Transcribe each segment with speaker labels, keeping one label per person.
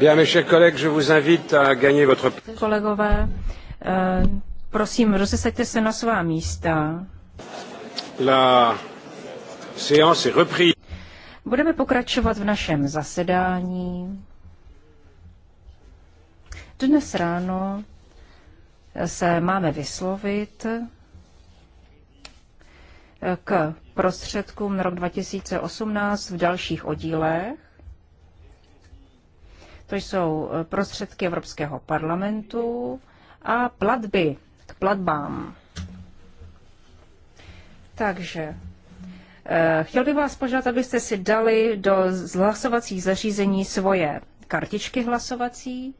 Speaker 1: Bien, mes chers collègues, je vous invite à gagner votre...
Speaker 2: Kolegové, eh, prosím, rozesaďte se na svá místa.
Speaker 1: La séance est reprise.
Speaker 2: Budeme pokračovat v našem zasedání. Dnes ráno se máme vyslovit eh, k prostředkům na rok 2018 v dalších oddílech. To jsou eh, prostředky Evropského parlamentu a platby k platbám. Takže eh, chtěl bych vás požádat, abyste si dali do hlasovacích zařízení svoje kartičky hlasovací.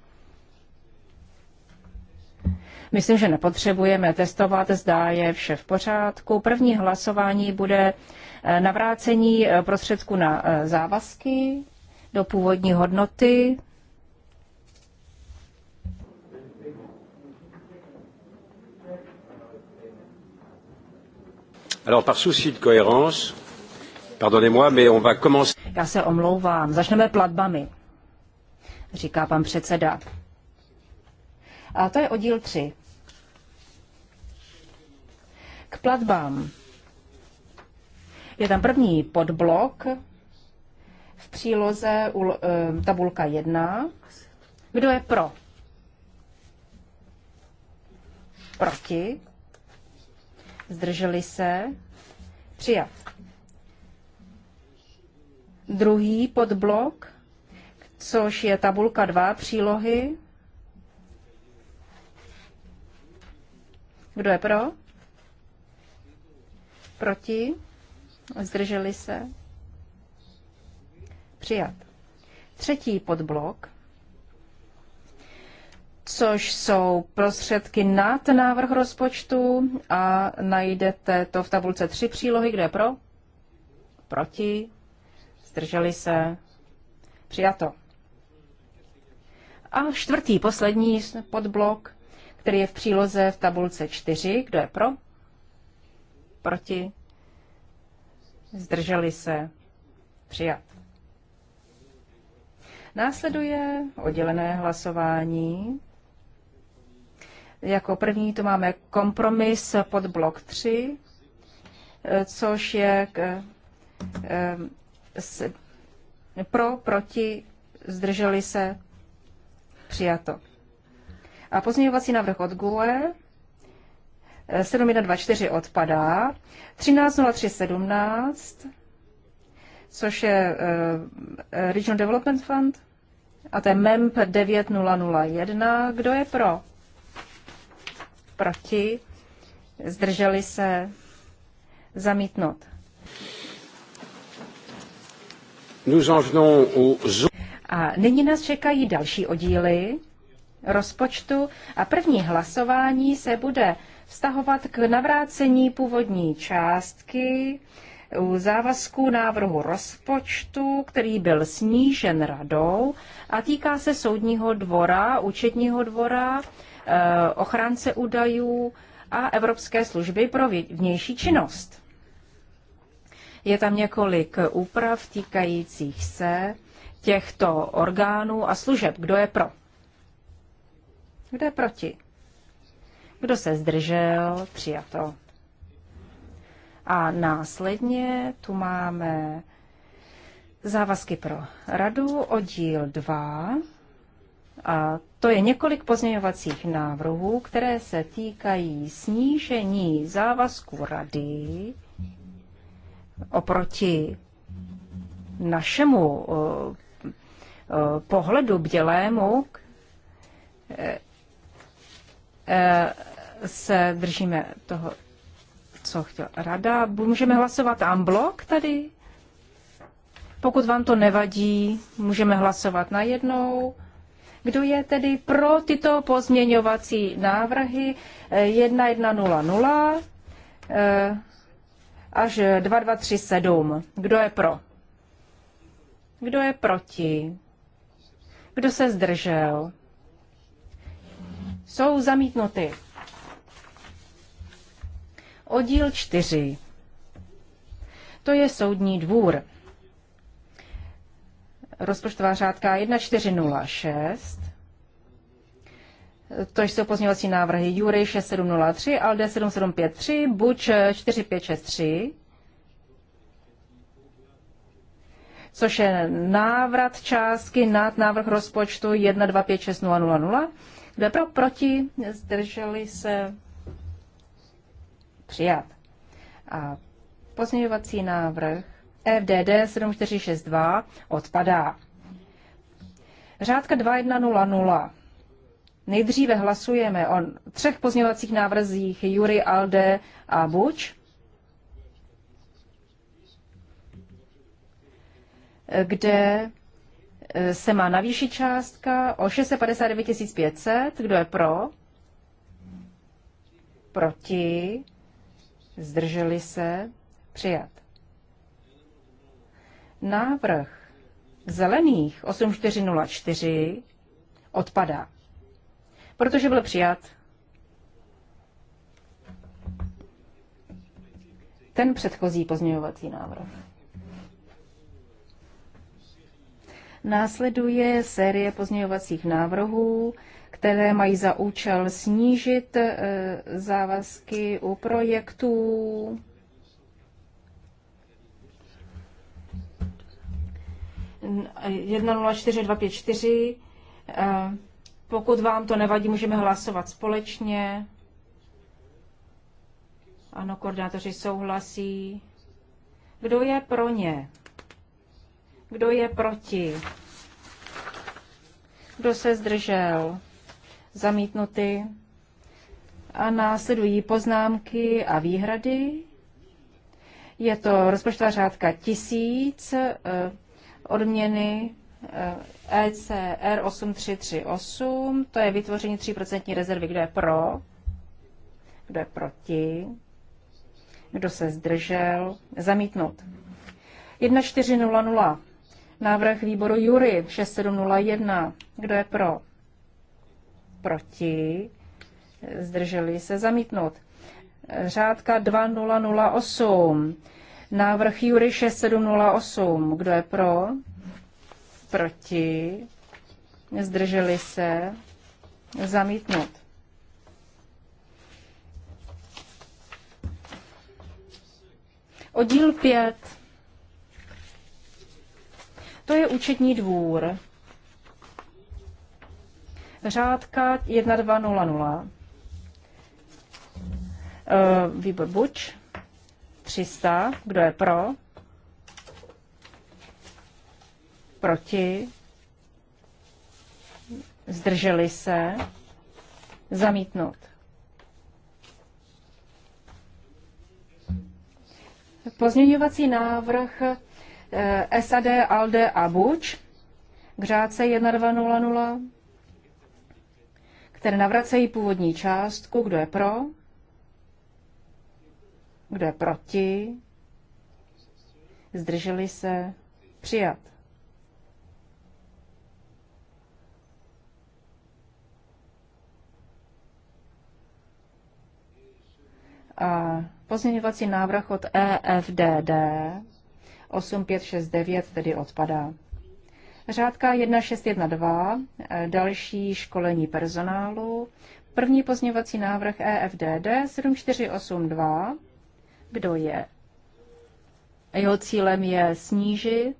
Speaker 2: Myslím, že nepotřebujeme testovat, zdá je vše v pořádku. První hlasování bude eh, navrácení prostředku na závazky do původní hodnoty. Já se omlouvám. Začneme platbami, říká pan předseda. A to je oddíl 3. K platbám. Je tam první podblok v příloze u, eh, tabulka 1. Kdo je pro? Proti? zdrželi se, přijat. Druhý podblok, což je tabulka 2 přílohy. Kdo je pro? Proti? Zdrželi se? Přijat. Třetí podblok což jsou prostředky nad návrh rozpočtu a najdete to v tabulce 3 přílohy, kde je pro, proti, zdrželi se, přijato. A čtvrtý, poslední podblok, který je v příloze v tabulce 4, kdo je pro, proti, zdrželi se, přijat. Následuje oddělené hlasování jako první tu máme kompromis pod blok 3, což je k, s, pro, proti, zdrželi se, přijato. A pozměňovací návrh od GUE 7124 eh, odpadá, 130317, což je eh, Regional Development Fund, a to je MEMP 9001. Kdo je pro? proti, zdrželi se, zamítnout. A nyní nás čekají další oddíly rozpočtu a první hlasování se bude vztahovat k navrácení původní částky u závazků návrhu rozpočtu, který byl snížen radou a týká se soudního dvora, účetního dvora Eh, ochránce údajů a Evropské služby pro vnější činnost. Je tam několik úprav týkajících se těchto orgánů a služeb. Kdo je pro? Kdo je proti? Kdo se zdržel? Přijato. A následně tu máme závazky pro radu, oddíl 2. A to je několik pozměňovacích návrhů, které se týkají snížení závazku rady oproti našemu eh, eh, pohledu bdělému eh, se držíme toho, co chtěl rada. Můžeme hlasovat amblok tady? Pokud vám to nevadí, můžeme hlasovat najednou. jednou. Kdo je tedy pro tyto pozměňovací návrhy 1100 eh, eh, až 2237? Kdo je pro? Kdo je proti? Kdo se zdržel? Jsou zamítnuty. Oddíl 4. To je soudní dvůr rozpočtová řádka 1406. To jsou pozměňovací návrhy Jury 6703, Alde 7753, Buč 4563, což je návrat částky nad návrh rozpočtu 1256000, kde pro proti zdrželi se přijat. A pozměňovací návrh FDD 7462 odpadá. Řádka 2100. Nejdříve hlasujeme o třech pozměňovacích návrzích Jury, Alde a Buč. kde e, se má navýšit částka o 659 500. Kdo je pro? Proti? Zdrželi se? Přijat. Návrh zelených 8404 odpadá, protože byl přijat. Ten předchozí pozměňovací návrh. Následuje série pozměňovacích návrhů, které mají za účel snížit eh, závazky u projektů 104254. Eh, pokud vám to nevadí, můžeme hlasovat společně. Ano, koordinátoři souhlasí. Kdo je pro ně? Kdo je proti? Kdo se zdržel? Zamítnuty. A následují poznámky a výhrady. Je to rozpočtová řádka tisíc. Eh, odměny ECR eh, e 8338, to je vytvoření 3% rezervy, kdo je pro, kdo je proti, kdo se zdržel, zamítnout. 1400, návrh výboru Jury 6701, kdo je pro, proti, zdrželi se, zamítnout. Řádka 2008, Návrh Jury 6708. Kdo je pro? Proti? Zdrželi se? Zamítnut. Oddíl 5. To je účetní dvůr. Řádka 1200. Eh, výbor Buč. 300. Kdo je pro? Proti? Zdrželi se? Zamítnout. Pozměňovací návrh eh, SAD, ALDE a BUČ k řádce 1200, které navracejí původní částku. Kdo je pro? Kdo je proti? Zdrželi se? Přijat. A pozměňovací návrh od EFDD 8569 tedy odpadá. Řádka 1612, další školení personálu, první pozměňovací návrh EFDD 7482, kdo je. Jeho cílem je snížit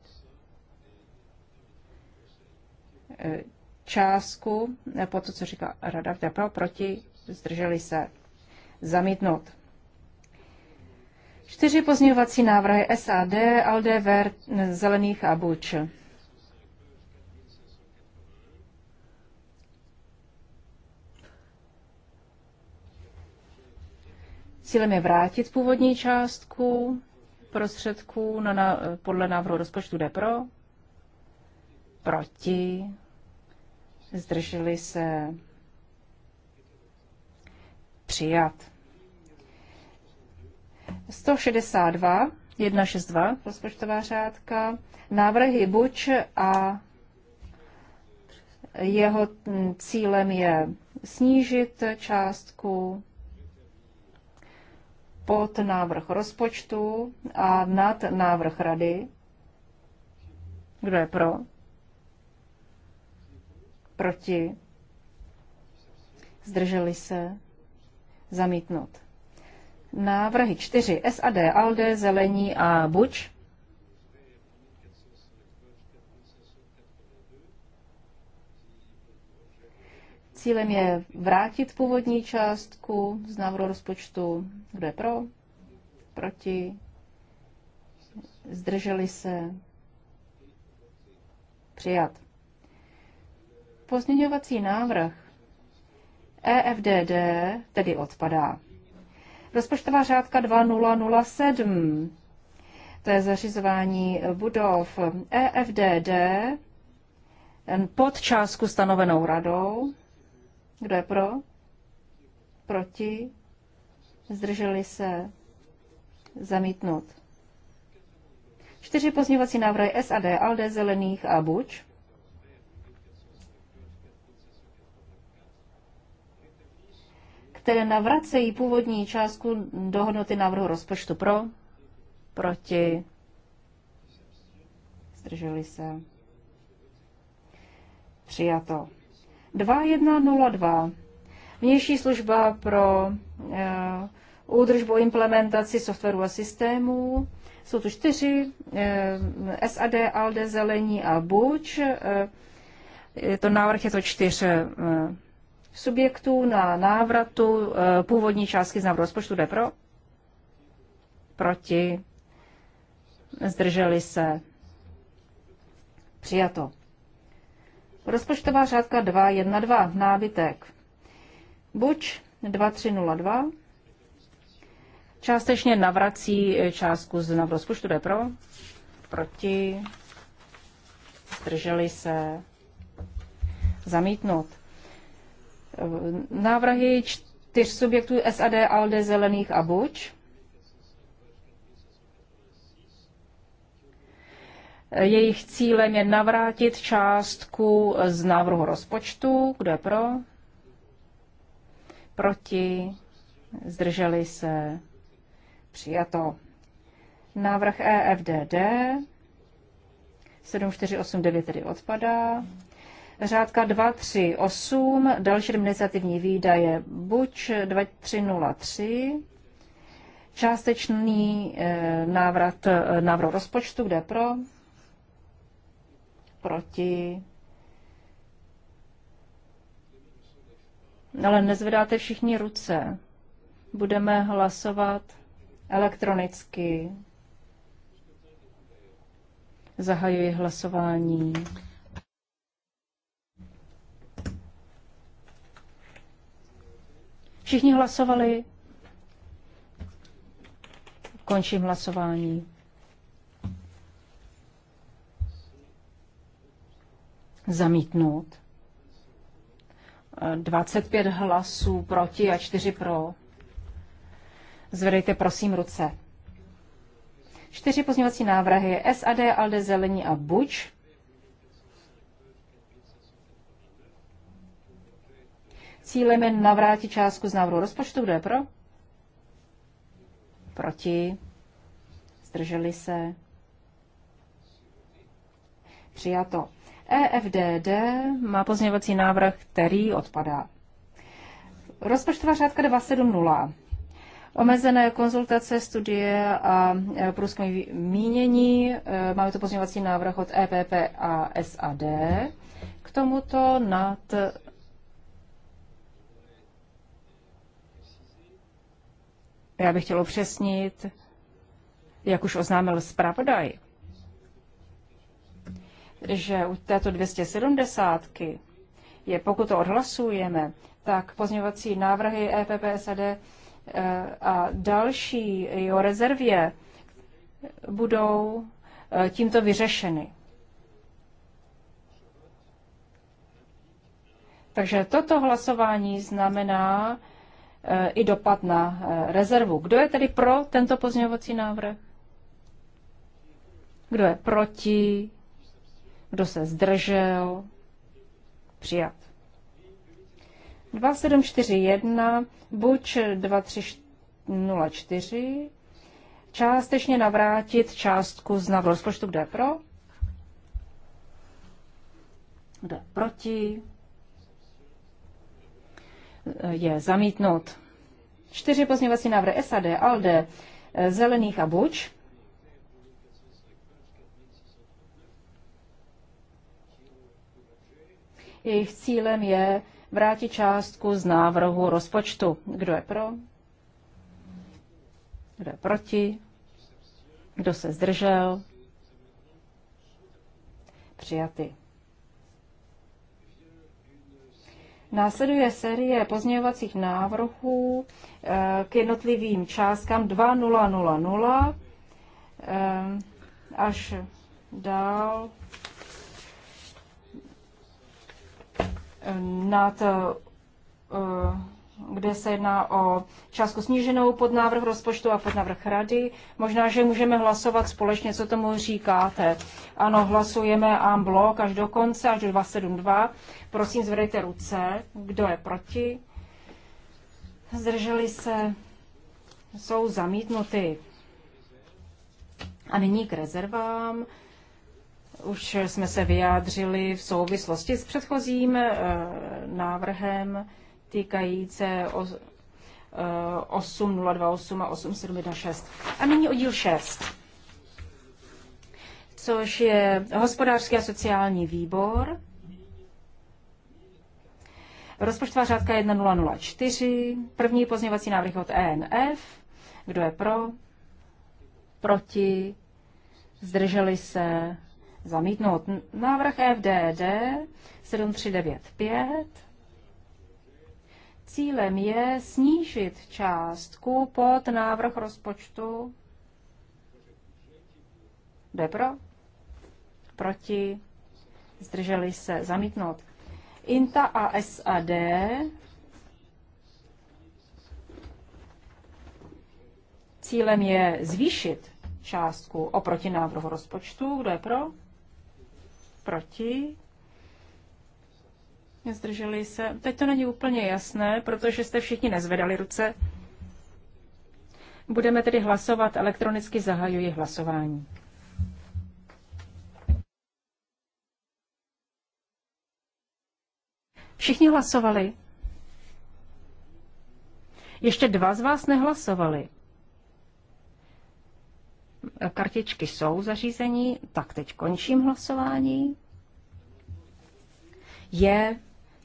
Speaker 2: eh, částku po to, co říká Rada pro, proti, zdrželi se zamítnout. Čtyři pozměňovací návrhy SAD, ALDE ver Zelených a Buč. Cílem je vrátit původní částku prostředků na, na, podle návrhu rozpočtu DePro. proti, zdrželi se přijat. 162, 162, rozpočtová řádka, návrhy buď a jeho cílem je snížit částku pod návrh rozpočtu a nad návrh rady. Kdo je pro? Proti? Zdrželi se? Zamítnout. Návrhy 4. SAD, ALDE, Zelení a Buč. Cílem je vrátit původní částku z návrhu rozpočtu. Kdo je pro? Proti? Zdrželi se? Přijat. Pozměňovací návrh EFDD tedy odpadá. Rozpočtová řádka 2007, to je zařizování budov EFDD pod částku stanovenou radou kdo je pro? Proti? Zdrželi se? zamítnout. Čtyři pozměňovací návrhy SAD, ALDE, Zelených a Buč. které navracejí původní částku do hodnoty návrhu rozpočtu pro, proti, zdrželi se, přijato. 2102. Vnější služba pro eh, údržbu implementaci softwaru a systémů. Jsou tu čtyři, eh, SAD, ALDE, Zelení a BUČ. Eh, je to návrh je to čtyř subjektů na návratu původní částky z návrhu rozpočtu. Jde pro? Proti? Zdrželi se? Přijato. Rozpočtová řádka 212, nábytek. Buď 2302, částečně navrací částku z rozpočtu, jde pro, proti, zdrželi se, zamítnout. Návrhy čtyř subjektů SAD, ALDE, Zelených a Buč. Jejich cílem je navrátit částku z návrhu rozpočtu. Kdo je pro? Proti? Zdrželi se? Přijato. Návrh EFDD 7489 tedy odpadá. Řádka 238, další administrativní výdaje, buď 2303, částečný eh, návrat eh, návrhu rozpočtu, kde pro, proti. Ale nezvedáte všichni ruce. Budeme hlasovat elektronicky. Zahajuji hlasování. Všichni hlasovali. Končím hlasování. zamítnout. 25 hlasů proti a 4 pro. Zvedejte prosím ruce. Čtyři pozměňovací návrhy SAD, ALDE, Zelení a Buč. Cílem je navrátit částku z návrhu rozpočtu. Kdo je pro? Proti? Zdrželi se? Přijato. EFDD má pozměňovací návrh, který odpadá. Rozpočtová řádka 270. Omezené konzultace, studie a e, průzkumy mínění. E, máme to pozměňovací návrh od EPP a SAD. K tomuto nad Já bych chtěl upřesnit, jak už oznámil zpravodaj, že u této 270 je, pokud to odhlasujeme, tak pozměňovací návrhy EPP, eh, a další o rezervě budou eh, tímto vyřešeny. Takže toto hlasování znamená eh, i dopad na rezervu. Kdo je tedy pro tento pozměňovací návrh? Kdo je proti? Kdo se zdržel? Přijat. 2741 buď 2304 částečně navrátit částku z návrhu rozpočtu, kde je pro, kde je proti, je zamítnut. Čtyři pozměňovací návrhy SAD, ALDE, Zelených a Buč. Jejich cílem je vrátit částku z návrhu rozpočtu. Kdo je pro? Kdo je proti? Kdo se zdržel? Přijaty. Následuje série pozměňovacích návrhů eh, k jednotlivým částkám 2000 eh, až dál nad eh, kde se jedná o částku sníženou pod návrh rozpočtu a pod návrh rady. Možná, že můžeme hlasovat společně, co tomu říkáte. Ano, hlasujeme en blok až do konce, až do 272. Prosím, zvedejte ruce. Kdo je proti? Zdrželi se? Jsou zamítnuty. A nyní k rezervám. Už jsme se vyjádřili v souvislosti s předchozím eh, návrhem týkajíce eh, 8028 a 8716. A nyní oddíl 6, což je hospodářský a sociální výbor. Rozpočtová řádka 1004, první pozměvací návrh od ENF. Kdo je pro? Proti? Zdrželi se? zamítnout. Návrh FDD 7395. Cílem je snížit částku pod návrh rozpočtu. Jde pro? Proti? Zdrželi se zamítnout. INTA a SAD Cílem je zvýšit částku oproti návrhu rozpočtu. Kdo je pro? proti? Zdrželi se. Teď to není úplně jasné, protože jste všichni nezvedali ruce. Budeme tedy hlasovat elektronicky, zahajuji hlasování. Všichni hlasovali. Ještě dva z vás nehlasovali. Kartičky jsou zařízení, tak teď končím hlasování. Je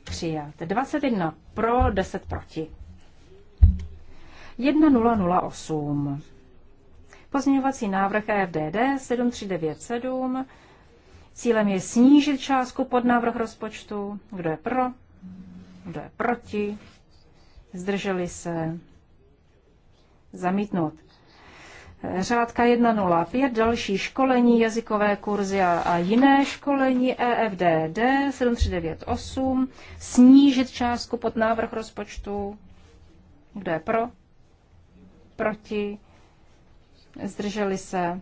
Speaker 2: přijat. 21 pro, 10 proti. 1008. Pozměňovací návrh EFDD 7397. Cílem je snížit částku pod návrh rozpočtu. Kdo je pro? Kdo je proti? Zdrželi se? Zamítnout. Řádka 105, další školení, jazykové kurzy a, a jiné školení EFDD 7398, snížit částku pod návrh rozpočtu. Kdo je pro? Proti? Zdrželi se?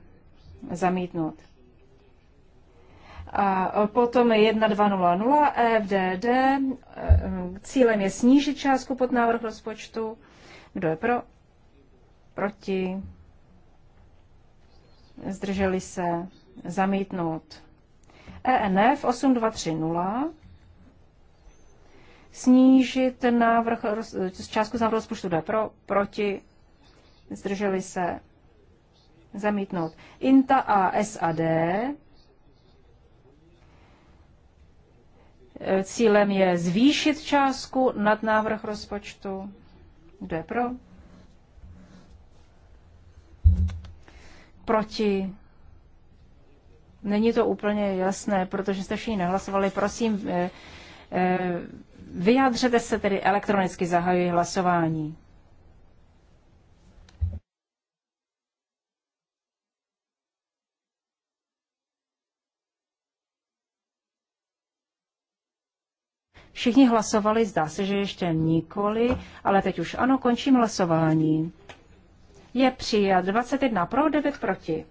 Speaker 2: Zamítnout. A potom 1200 EFDD, e, cílem je snížit částku pod návrh rozpočtu. Kdo je pro? Proti? zdrželi se, zamítnout. ENF 8230, snížit návrh, částku za rozpočtu D pro, proti, zdrželi se, zamítnout. INTA a SAD, e, cílem je zvýšit částku nad návrh rozpočtu, kdo je pro, proti. Není to úplně jasné, protože jste všichni nehlasovali. Prosím, eh, eh, vyjádřete se tedy elektronicky, zahajuji hlasování. Všichni hlasovali, zdá se, že ještě nikoli, ale teď už ano, končím hlasování je přijat 21 pro, 9 proti.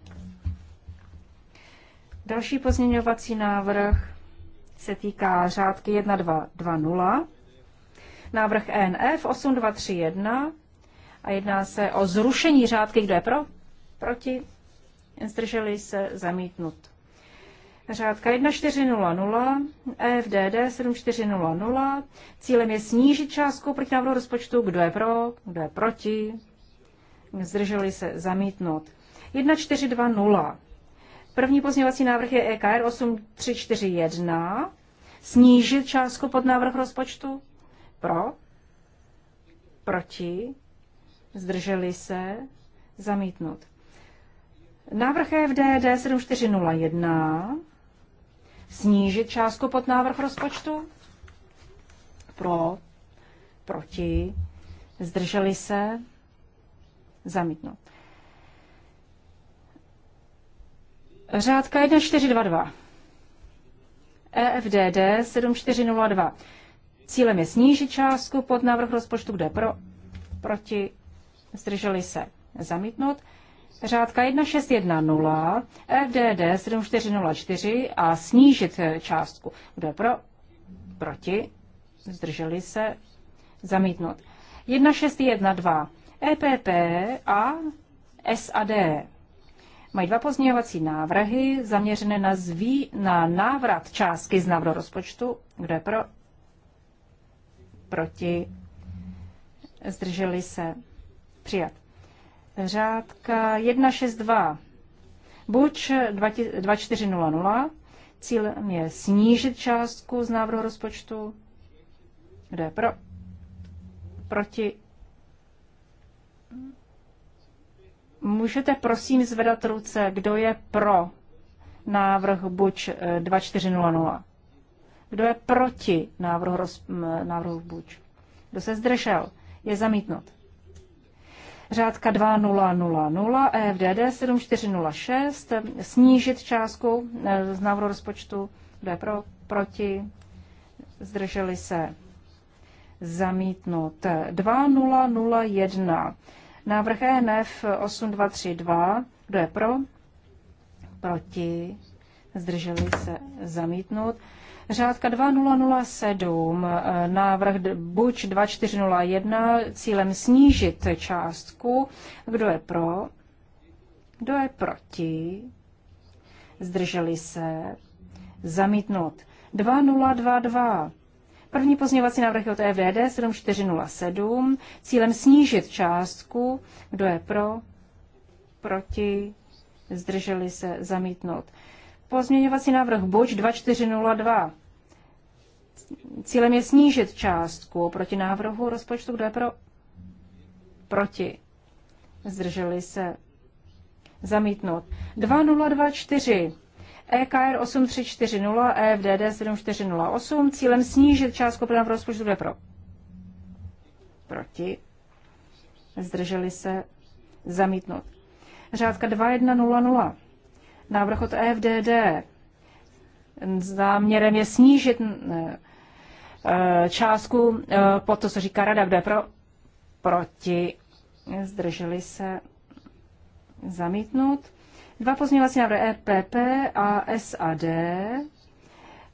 Speaker 2: Další pozměňovací návrh se týká řádky 1220, návrh e NF 8231 a jedná se o zrušení řádky, kdo je pro, proti, zdrželi se zamítnut. Řádka 1400 FDD 7400. Cílem je snížit částku proti návrhu rozpočtu, kdo je pro, kdo je proti, zdrželi se zamítnout. 1420. První pozměvací návrh je EKR 8341. Snížit částku pod návrh rozpočtu? Pro? Proti? Zdrželi se? Zamítnout. Návrh FDD 7401. Snížit částku pod návrh rozpočtu? Pro? Proti? Zdrželi se? Zamítnout. Řádka 1422. EFDD 7402. Cílem je snížit částku pod návrh rozpočtu, kde pro, proti, zdrželi se zamítnout. Řádka 1610 EFDD 7404 a snížit částku, kde pro, proti, zdrželi se zamítnout. 1612 EPP a SAD mají dva pozměňovací návrhy zaměřené na, zví, na návrat částky z návrhu rozpočtu. Kdo je pro? Proti? Zdrželi se? Přijat. Řádka 162. Buď 2400, cílem je snížit částku z návrhu rozpočtu. Kdo je pro? Proti? Můžete prosím zvedat ruce, kdo je pro návrh buď 2400? Eh, kdo je proti návrhu, roz, návrhu buď? Kdo se zdržel? Je zamítnut. Řádka 2000 EFDD 7406 snížit částku eh, z návrhu rozpočtu. Kdo je pro? Proti? Zdrželi se? Zamítnut. 2001 eh, Návrh ENF 8232, kdo je pro? Proti? Zdrželi se zamítnout. Řádka 2007, návrh buď 2401, cílem snížit částku. Kdo je pro? Kdo je proti? Zdrželi se? Zamítnout. 2022, První pozměňovací návrh je od EVD 7407, cílem snížit částku, kdo je pro, proti, zdrželi se, zamítnout. Pozměňovací návrh Boč 2402, cílem je snížit částku proti návrhu rozpočtu, kdo je pro, proti, zdrželi se, zamítnout. 2024, EKR 8340 a EFDD 7408 cílem snížit částku plná v rozpočtu je pro. Proti. Zdrželi se zamítnout. Řádka 2100. Návrh od EFDD. Záměrem je snížit e, částku e, po to, co říká rada, kde pro, proti. Zdrželi se zamítnout. Dva pozměňovací návrhy EPP a SAD,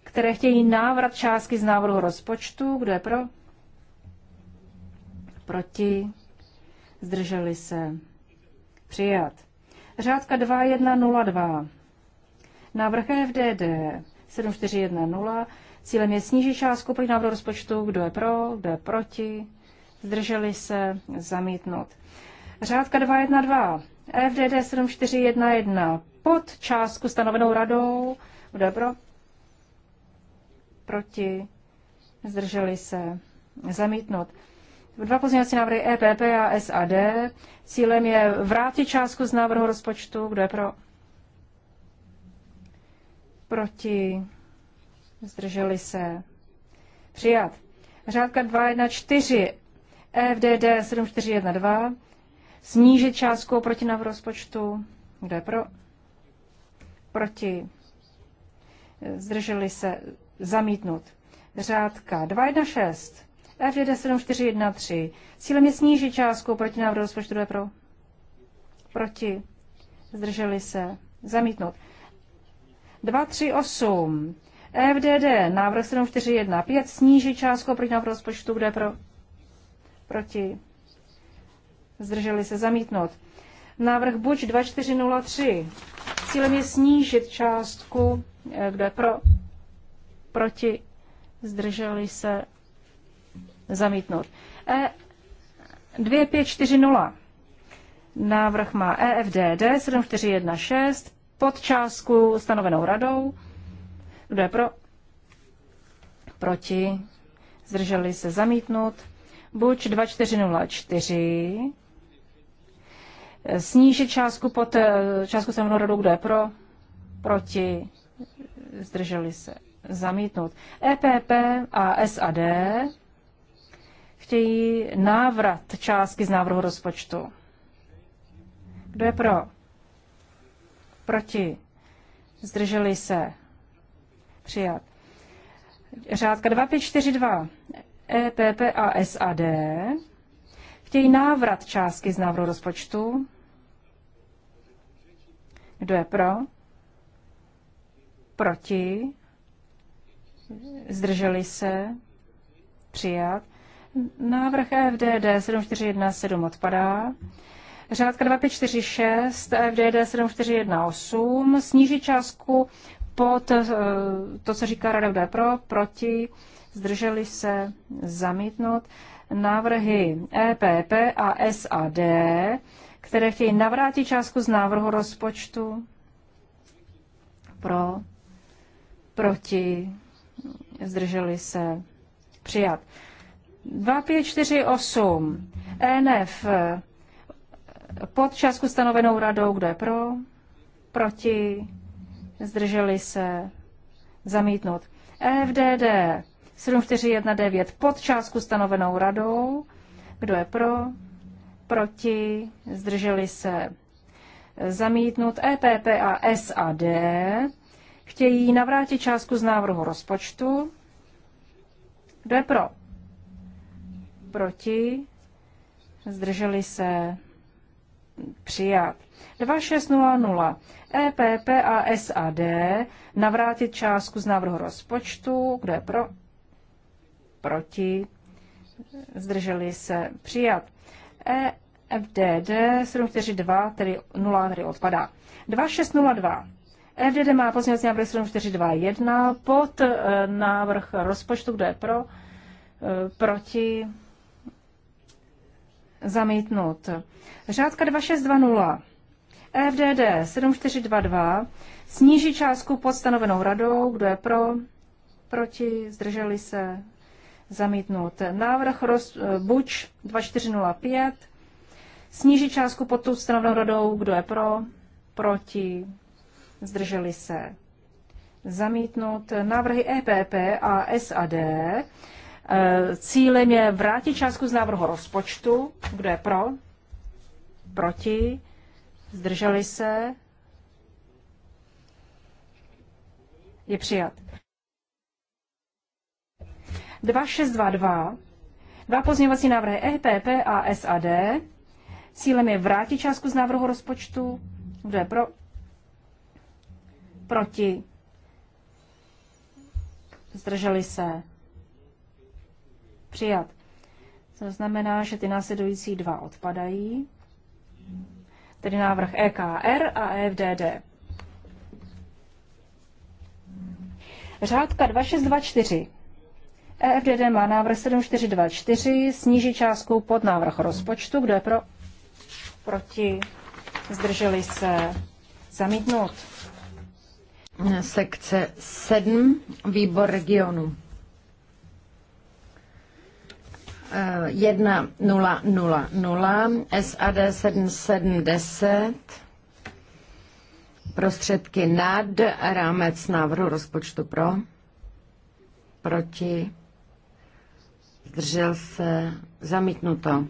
Speaker 2: které chtějí návrat částky z návrhu rozpočtu. Kdo je pro? Proti? Zdrželi se? Přijat. Řádka 2102. Návrh FDD 7410. Cílem je snížit částku pro návrh rozpočtu. Kdo je pro? Kdo je proti? Zdrželi se? Zamítnout. Řádka 212. FDD 7411 pod částku stanovenou radou. Kdo pro? Proti? Zdrželi se? Zamítnout. Dva pozměňovací návrhy EPP a SAD. Cílem je vrátit částku z návrhu rozpočtu. Kdo je pro? Proti? Zdrželi se? Přijat. Řádka 214 FDD 7412 snížit částku oproti návrhu rozpočtu. Kdo je pro? Proti? Zdrželi se zamítnut. Řádka 216 F17413. Cílem je snížit částku oproti návrhu rozpočtu. Kdo je pro? Proti? Zdrželi se zamítnout. 238. FDD, návrh 7415, sníží částku proti návrhu rozpočtu, kde pro? Proti zdrželi se zamítnout. Návrh buď 2403. Cílem je snížit částku, eh, kde pro, proti, zdrželi se zamítnout. E 2540. Návrh má EFDD 7416 pod částku stanovenou radou. Kdo je pro? Proti. Zdrželi se zamítnout. Buď 2404 snížit částku pod eh, částku stanovenou radou, kdo je pro, proti, zdrželi se, zamítnout. EPP a SAD chtějí návrat částky z návrhu rozpočtu. Kdo je pro? Proti? Zdrželi se? Přijat. Řádka 2542 EPP a SAD chtějí návrat částky z návrhu rozpočtu. Kdo je pro? Proti? Zdrželi se? Přijat. Návrh FDD 7417 odpadá. Řádka 2546 FDD 7418 sníží částku pod eh, to, co říká Rada, kdo je pro, proti, zdrželi se, zamítnout. Návrhy EPP a SAD které chtějí navrátit částku z návrhu rozpočtu pro, proti, zdrželi se, přijat. 2548 e NF pod částku stanovenou radou, kdo je pro, proti, zdrželi se, zamítnout. FDD 7419 pod částku stanovenou radou, kdo je pro, proti, zdrželi se zamítnout EPP a SAD chtějí navrátit částku z návrhu rozpočtu. Kdo je pro? Proti, zdrželi se přijat. 2600 EPP a SAD navrátit částku z návrhu rozpočtu. Kdo je pro? Proti. Zdrželi se přijat. EFDD 742, tedy 0, tedy odpadá. 2602. E FDD má pozměňovací návrh 7421 pod e, návrh rozpočtu, kdo je pro, e, proti, zamítnout Řádka 2620. FDD 7422 sníží částku pod stanovenou radou, kdo je pro, proti, zdrželi se, zamítnut. Návrh roz, buď 2405, snížit částku pod tu stanovenou rodou, kdo je pro, proti, zdrželi se. Zamítnout návrhy EPP a SAD. Eh, cílem je vrátit částku z návrhu rozpočtu, kdo je pro, proti, zdrželi se, je přijat. 2622, dva pozměňovací návrhy EPP a SAD. Cílem je vrátit částku z návrhu rozpočtu. Kdo je pro? Proti? Zdrželi se? Přijat. To znamená, že ty následující dva odpadají, tedy návrh EKR a EFDD. Řádka 2624. EFDD má návrh 7424, sníží částku pod návrh rozpočtu. Kdo je pro? Proti?
Speaker 1: Zdrželi se? Zamítnout. Sekce 7, výbor regionu. 1000 SAD 770 prostředky nad rámec návrhu rozpočtu pro, proti, zdržel se, zamítnuto.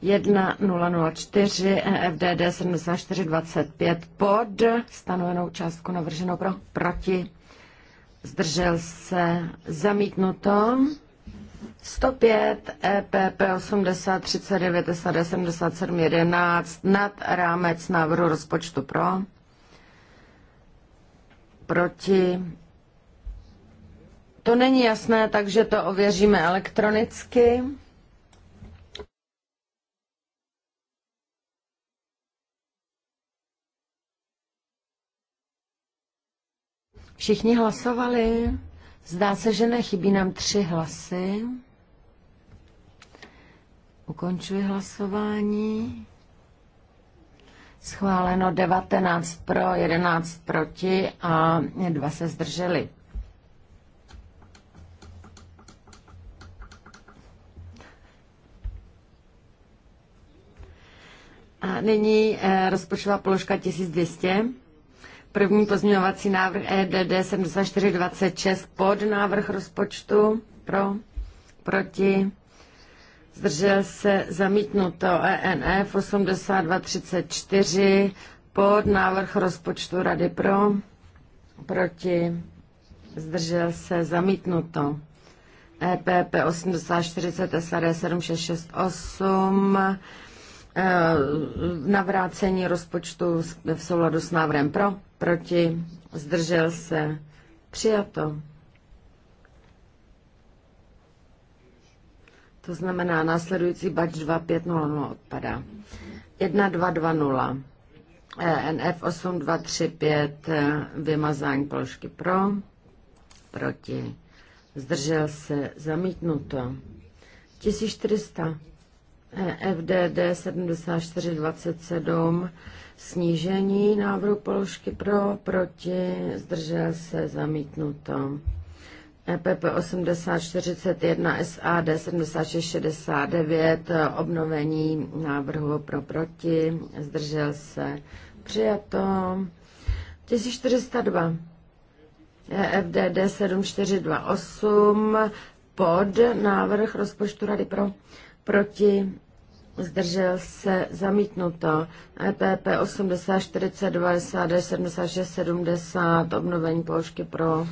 Speaker 1: 1004 FDD 7425 pod stanovenou částku navrženou pro, proti, zdržel se, zamítnuto. 105 EPP 8039 nad rámec návrhu rozpočtu pro, proti, to není jasné, takže to ověříme elektronicky. Všichni hlasovali. Zdá se, že nechybí nám tři hlasy. Ukončuji hlasování. Schváleno 19 pro, 11 proti a dva se zdrželi. nyní eh, rozpočtová položka 1200. První pozměňovací návrh e EDD 7426 pod návrh rozpočtu pro, proti, zdržel se zamítnuto ENF 8234 pod návrh rozpočtu Rady pro, proti, zdržel se zamítnuto. EPP 8040 SAD 7668 Eh, navrácení rozpočtu v souladu s návrhem pro, proti, zdržel se, přijato. To znamená, následující bač 2500 odpadá. 1220. NF 8235 vymazání položky pro, proti, zdržel se, zamítnuto. 1400 E FDD 7427 snížení návrhu položky pro, proti, zdržel se zamítnuto. EPP 8041 SAD 7669 obnovení návrhu pro proti, zdržel se přijato. 1402 FDD 7428 pod návrh rozpočtu Rady pro proti, zdržel se zamítnuto. EPP 80, 40, 90, 76, 70, obnovení položky pro,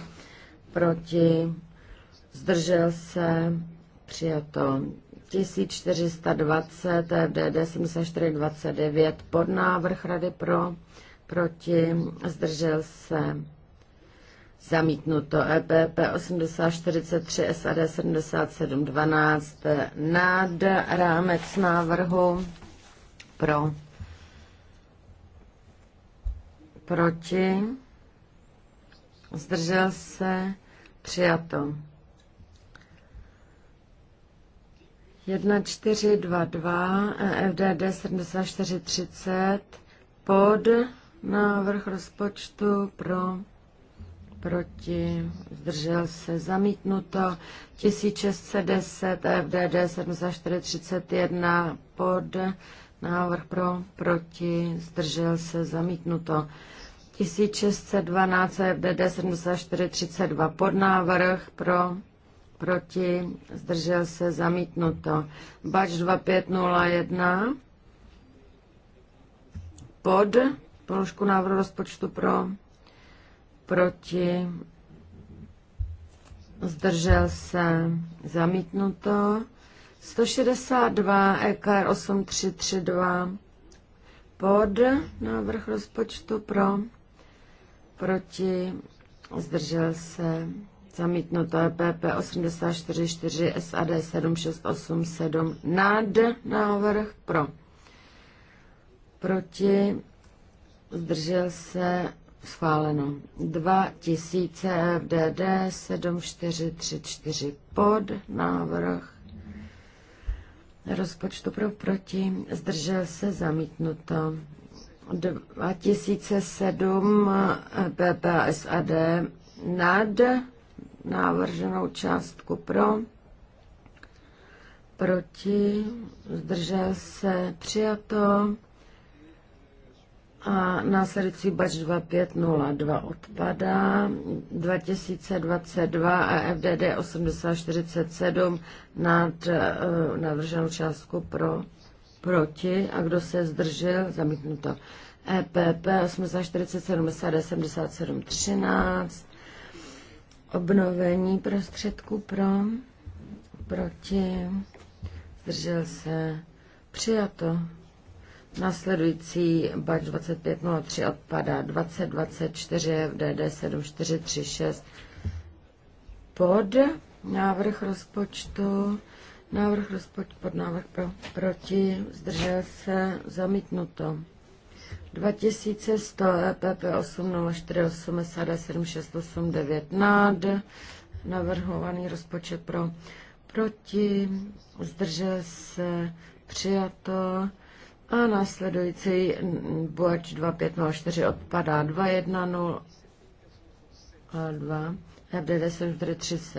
Speaker 1: proti, zdržel se, přijato. 1420, FDD 7429, pod návrh Rady pro, proti, zdržel se, zamítnuto EPP 8043 SAD 7712 nad rámec návrhu pro proti zdržel se přijato 1422 EFDD 7430 pod návrh rozpočtu pro proti, zdržel se, zamítnuto, 1610, FDD 7431, pod, návrh pro, proti, zdržel se, zamítnuto, 1612, FDD 7432, pod, návrh pro, proti, zdržel se, zamítnuto, bač 2501, pod, položku návrhu rozpočtu pro, proti, zdržel se, zamítnuto. 162 EKR 8332 pod návrh rozpočtu pro, proti, zdržel se, zamítnuto EPP 844 SAD 7687 nad návrh pro, proti, zdržel se, Schváleno. 2000 FDD 7434 pod návrh rozpočtu pro proti. Zdržel se zamítnuto. 2007 BBSAD nad návrženou částku pro, proti, zdržel se přijato. A následující bač 2502 odpadá, 2022 a FDD 8047 nad uh, navrženou částku pro, proti a kdo se zdržel, zamítnuto. EPP 847 77 obnovení prostředku pro, proti, zdržel se, přijato. Následující bač 2503 odpadá 2024 dd 7436 pod návrh rozpočtu návrh rozpočtu pod návrh pro, proti zdržel se zamítnuto 2100 EPP 8048 SAD 7689 NAD navrhovaný rozpočet pro proti zdržel se přijato a následující boč 2504 odpadá 210 a 2 FDD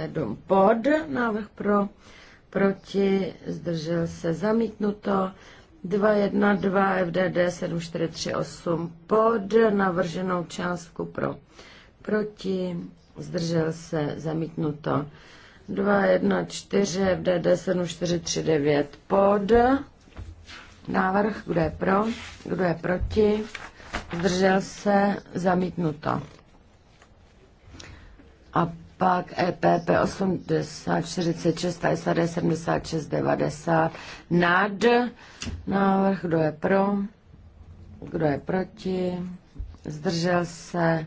Speaker 1: pod návrh pro proti zdržel se zamítnuto 212 FDD 7438 pod navrženou částku pro proti zdržel se zamítnuto 214 FDD 7439 pod Návrh, kdo je pro, kdo je proti, zdržel se, zamítnuto. A pak EPP 8046 a SAD 7690 nad návrh, kdo je pro, kdo je proti, zdržel se,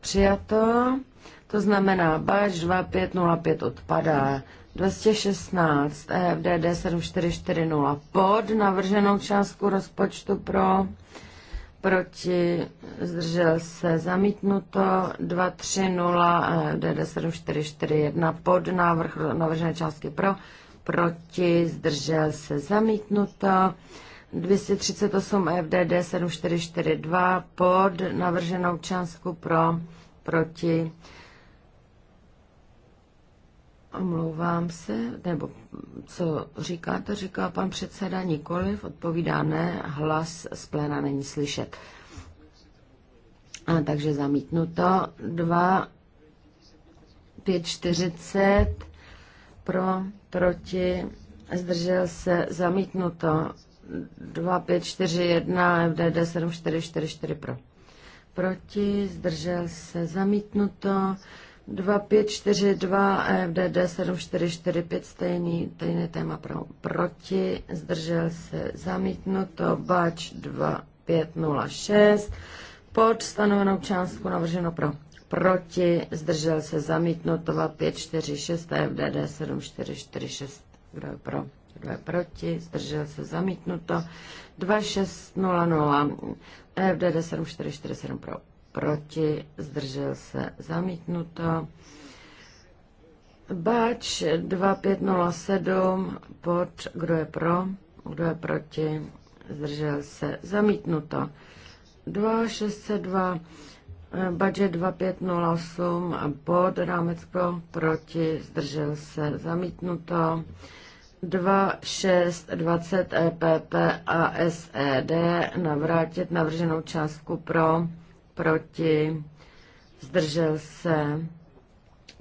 Speaker 1: přijato. To znamená, bač 2505 odpadá. 216 FDD 7440 pod navrženou částku rozpočtu pro, proti zdržel se zamítnuto 230 FDD 7441 pod návrh navržené částky pro, proti zdržel se zamítnuto 238 FDD 7442 pod navrženou částku pro, proti Omlouvám se, nebo co říkáte, říká pan předseda nikoliv, odpovídá ne, hlas z pléna není slyšet. A, takže zamítnuto. 2, 5, 40 pro, proti, zdržel se, zamítnuto. 2, 5, 4, 1, FDD 7, 4, 4, 4 pro. Proti, zdržel se, zamítnuto. 2542 a FDD 7445 stejný, stejné téma pro, proti, zdržel se zamítnuto, bač 2506, pod stanovenou částku navrženo pro proti, zdržel se zamítnuto, 546 a FDD 7446, kdo je pro, kdo je proti, zdržel se zamítnuto, 2600 FDD 7447 pro proti, zdržel se, zamítnuto. Báč 2507 pod, kdo je pro, kdo je proti, zdržel se, zamítnuto. 2602 Budget 2508 pod Rámecko proti, zdržel se, zamítnuto. 2620 EPP a SED navrátit navrženou částku pro, proti, zdržel se,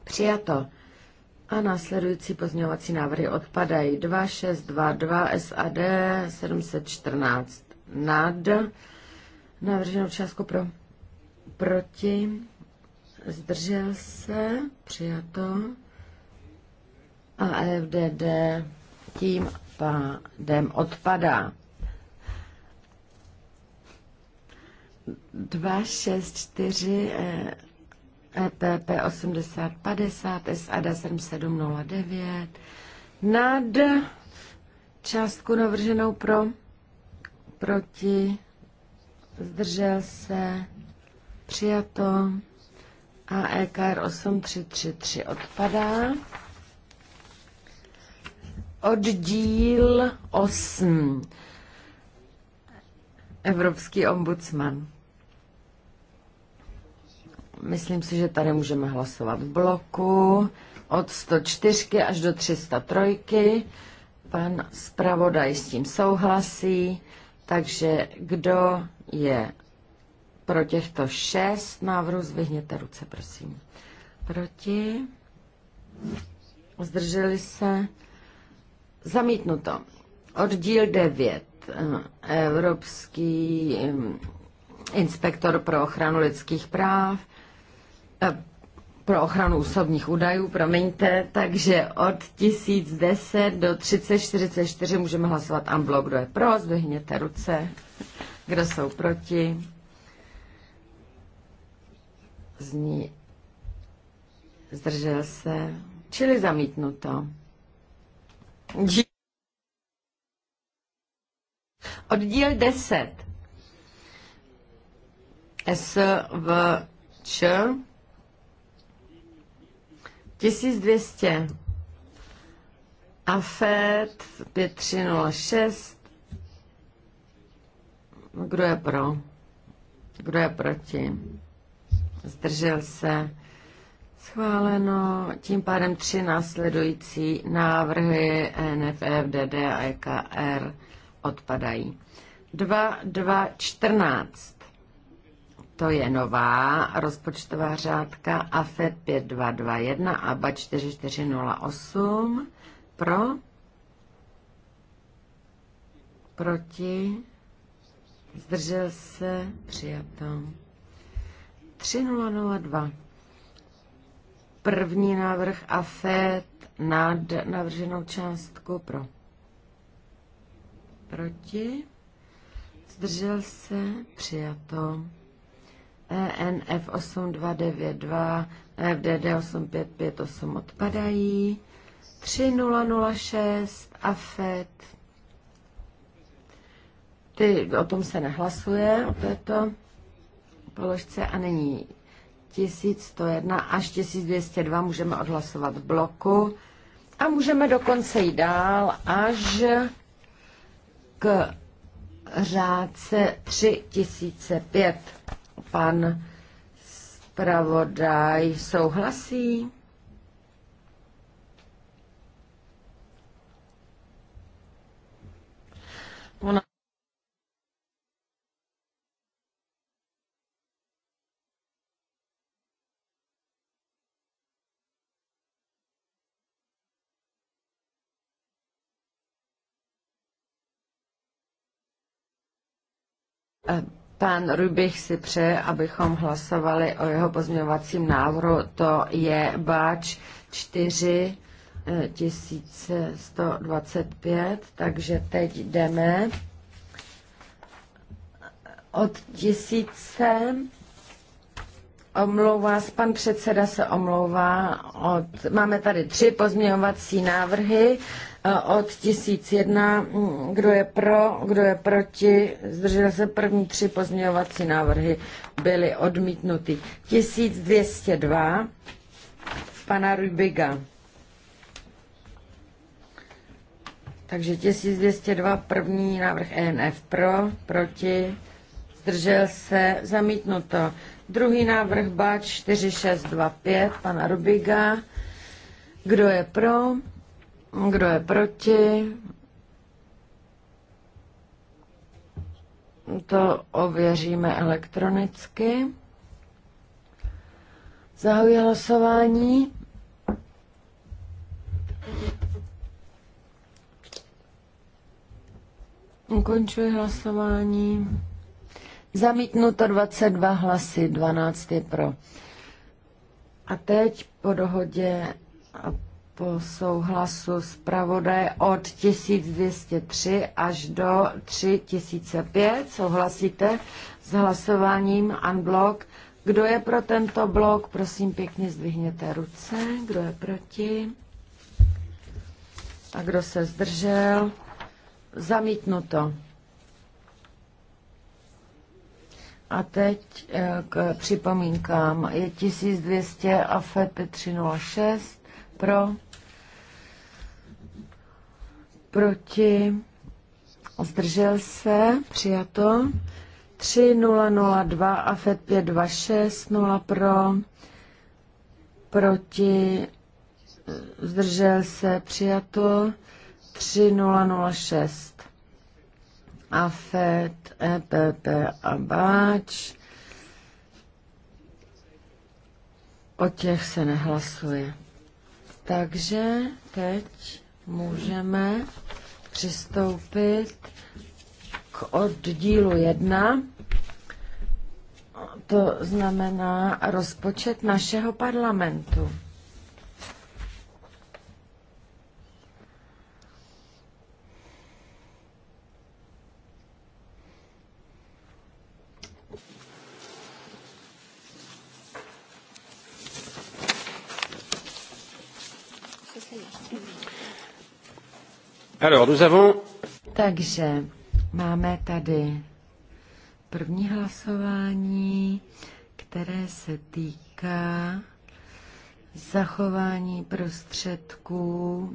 Speaker 1: přijato. A následující pozměňovací návrhy odpadají 2622 SAD 714 nad navrženou částku pro proti zdržel se přijato a e FDD tím pádem odpadá. 264 EPP 8050 SADA 7709 nad částku navrženou pro proti zdržel se přijato a EKR 8333 odpadá oddíl 8 Evropský ombudsman Myslím si, že tady můžeme hlasovat v bloku od 104 až do 303. Pan zpravodaj s tím souhlasí, takže kdo je pro těchto šest návrhů, zvihněte ruce, prosím. Proti? Zdrželi se? Zamítnuto. Oddíl 9. Evropský mm, inspektor pro ochranu lidských práv. Eh, pro ochranu osobních údajů, promiňte, takže od 1010 do 3044 můžeme hlasovat unblock. Kdo je pro, zdvihněte ruce. Kdo jsou proti? Zní zdržel se, čili zamítnuto. Oddíl 10. S v Č 1200. Afet 5306. Kdo je pro? Kdo je proti? Zdržel se. Schváleno tím pádem tři následující návrhy NFF, DD a EKR odpadají. 2, 2, 14. To je nová rozpočtová řádka AFE 5221 ABA 4408 pro, proti, zdržel se, přijato. 3002. První návrh AFET nad navrženou částku pro. Proti. Zdržel se, přijato. ENF 8292, FDD 8558 odpadají, 3006, AFET, ty, o tom se nehlasuje, o této položce a není 1101 až 1202 můžeme odhlasovat v bloku a můžeme dokonce jít dál až k řádce 3005 pan zpravodaj souhlasí? Ona Uh, Pan Rubich si přeje, abychom hlasovali o jeho pozměňovacím návrhu. To je báč 4 1125, eh, takže teď jdeme od 1000 omlouvá, pan předseda se omlouvá od, máme tady tři pozměňovací návrhy eh, od 1001, mm, kdo je pro, kdo je proti, zdržel se první tři pozměňovací návrhy, byly odmítnuty. 1202, pana Rubiga. Takže 1202, první návrh ENF pro, proti, zdržel se, zamítnuto. Druhý návrh BAT 4625 pana Rubiga. Kdo je pro? Kdo je proti? To ověříme elektronicky. Zahajuji hlasování. Ukončuji hlasování. Zamítnuto 22 hlasy, 12 je pro. A teď po dohodě a po souhlasu zpravodaje od 1203 až do 3005. Souhlasíte s hlasováním unblock? Kdo je pro tento blok? Prosím pěkně zdvihněte ruce. Kdo je proti? A kdo se zdržel? Zamítnuto. A teď eh, k připomínkám. Je 1200 a FEP 306 pro, proti, zdržel se, přijato. 3002 a FED 526 0 pro, proti, zdržel se, přijato. 3006 AFET, EPP a báč. O těch se nehlasuje. Takže teď můžeme přistoupit k oddílu 1. To znamená rozpočet našeho parlamentu. Alors, nous avons... Takže máme tady první hlasování, které se týká zachování prostředků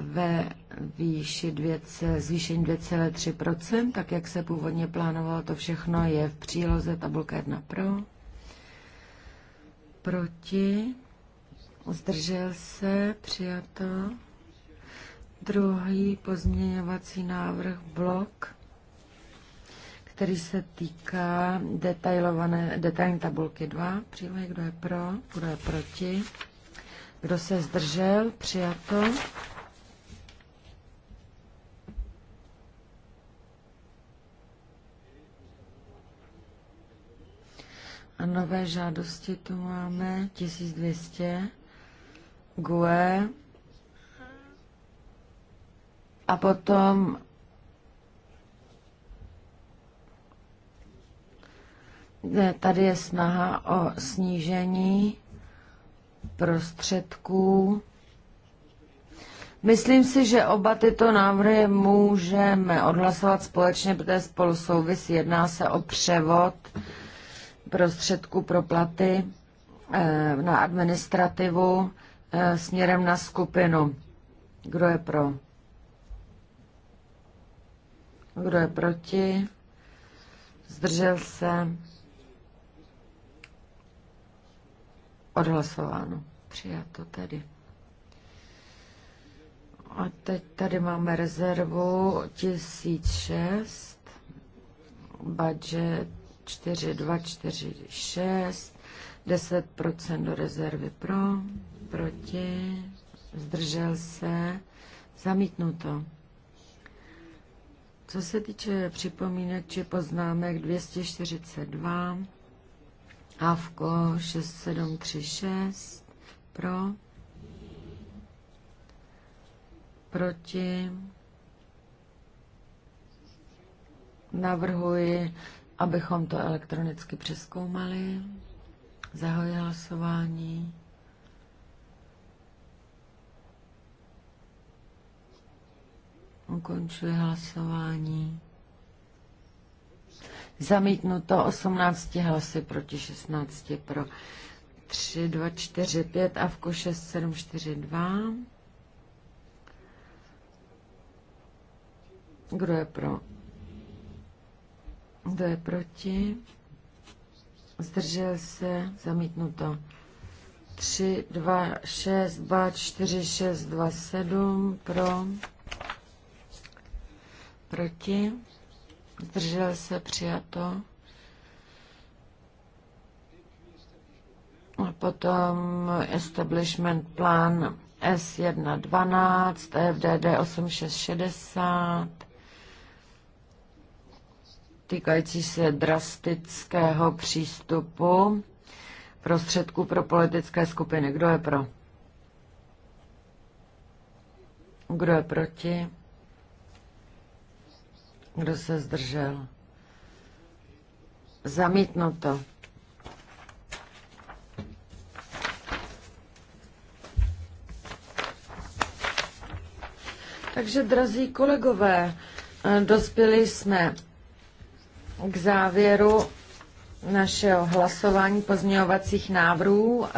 Speaker 1: ve výši 2, zvýšení 2,3%, tak jak se původně plánovalo, to všechno je v příloze tabulka 1 pro. Proti, zdržel se, přijato. Druhý pozměňovací návrh blok, který se týká detailované, detailní tabulky 2. Přijme, kdo je pro, kdo je proti, kdo se zdržel, přijato. A nové žádosti tu máme 1200. GUE a potom tady je snaha o snížení prostředků. Myslím si, že oba tyto návrhy můžeme odhlasovat společně, protože spolu souvisí. Jedná se o převod prostředků pro platy eh, na administrativu eh, směrem na skupinu. Kdo je pro? Kdo je proti? Zdržel se? Odhlasováno. Přijato tedy. A teď tady máme rezervu 1006, budget 4246, 10% do rezervy pro, proti, zdržel se, zamítnuto. Co se týče připomínek či poznámek 242, AVKO 6736, pro, proti, navrhuji, abychom to elektronicky přeskoumali, zahoji hlasování. Ukončuji hlasování. Zamítnuto 18 hlasy proti 16 pro 3, 2, 4, 5 a v koše 7, 4, 2. Kdo je pro? Kdo je proti? Zdržel se? Zamítnuto. 3, 2, 6, 2, 4, 6, 2, 7 pro. Proti? Zdržel se přijato. A potom establishment plán S112, FDD 8660, týkající se drastického přístupu prostředků pro politické skupiny. Kdo je pro? Kdo je proti? Kdo se zdržel? Zamítnuto. Takže, drazí kolegové, dospěli jsme k závěru našeho hlasování pozměňovacích návrhů eh,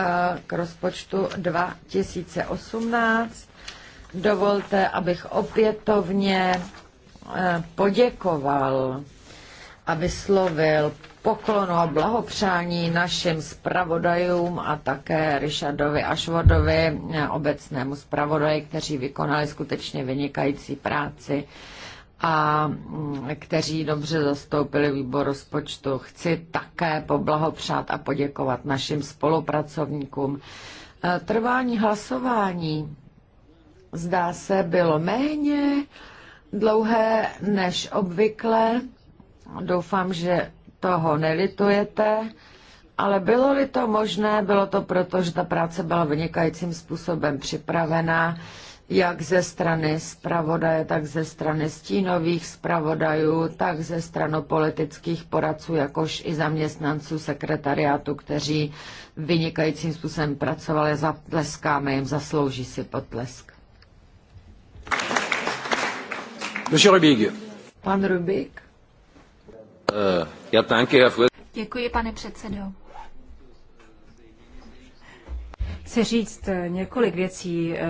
Speaker 1: k rozpočtu 2018. Dovolte, abych opětovně Eh, poděkoval a vyslovil poklonu a blahopřání našim zpravodajům a také Richardovi Ašvodovi, eh, obecnému zpravodaji, kteří vykonali skutečně vynikající práci a mm, kteří dobře zastoupili výbor rozpočtu. Chci také poblahopřát a poděkovat našim spolupracovníkům. Eh, trvání hlasování zdá se bylo méně, dlouhé než obvykle. Doufám, že toho nelitujete, ale bylo-li to možné, bylo to proto, že ta práce byla vynikajícím způsobem připravená, jak ze strany zpravodaje, tak ze strany stínových zpravodajů, tak ze strany politických poradců, jakož i zaměstnanců sekretariátu, kteří vynikajícím způsobem pracovali, za tleskáme, jim, zaslouží si potlesk. Monsieur Rubik. Pan Rubik. Eh,
Speaker 2: Děkuji, pane předsedo. Chci říct eh, několik věcí eh,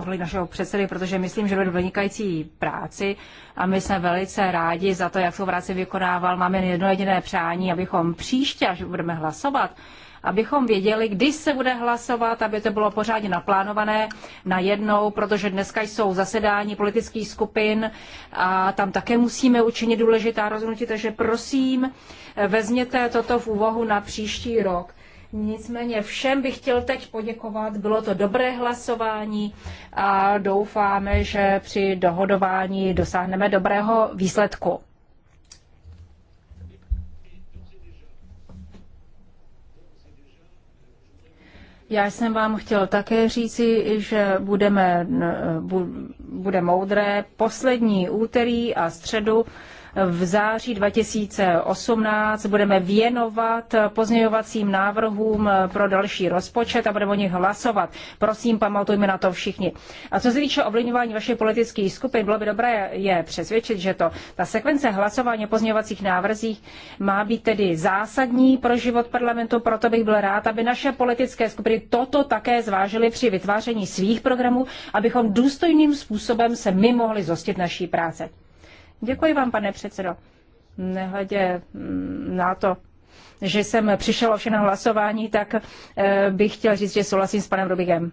Speaker 2: ohledně našeho předsedy, protože myslím, že vedl vynikající práci a my jsme velice rádi za to, jak svou práci vykonával. Máme jedno jediné přání, abychom příště, až budeme hlasovat, abychom věděli, kdy se bude hlasovat, aby to bylo pořádně naplánované na jednou, protože dneska jsou zasedání politických skupin a tam také musíme učinit důležitá rozhodnutí, takže prosím, vezměte toto v úvahu na příští rok. Nicméně všem bych chtěl teď poděkovat. Bylo to dobré hlasování a doufáme, že při dohodování dosáhneme dobrého výsledku. Já jsem vám chtěl také říci, že budeme, eh, bude moudré poslední úterý a středu v září 2018 budeme věnovat pozměňovacím návrhům pro další rozpočet a budeme o nich hlasovat. Prosím, pamatujme na to všichni. A co se týče ovlivňování vašich politických skupin, bylo by dobré je přesvědčit, že to ta sekvence hlasování o pozměňovacích návrzích má být tedy zásadní pro život parlamentu, proto bych byl rád, aby naše politické skupiny toto také zvážily při vytváření svých programů, abychom důstojným způsobem se my mohli zostit naší práce. Děkuji vám, pane předsedo. Nehledě mm, na to, že jsem přišel ovšem na hlasování, tak eh, bych chtěl říct, že souhlasím s panem Rubigem.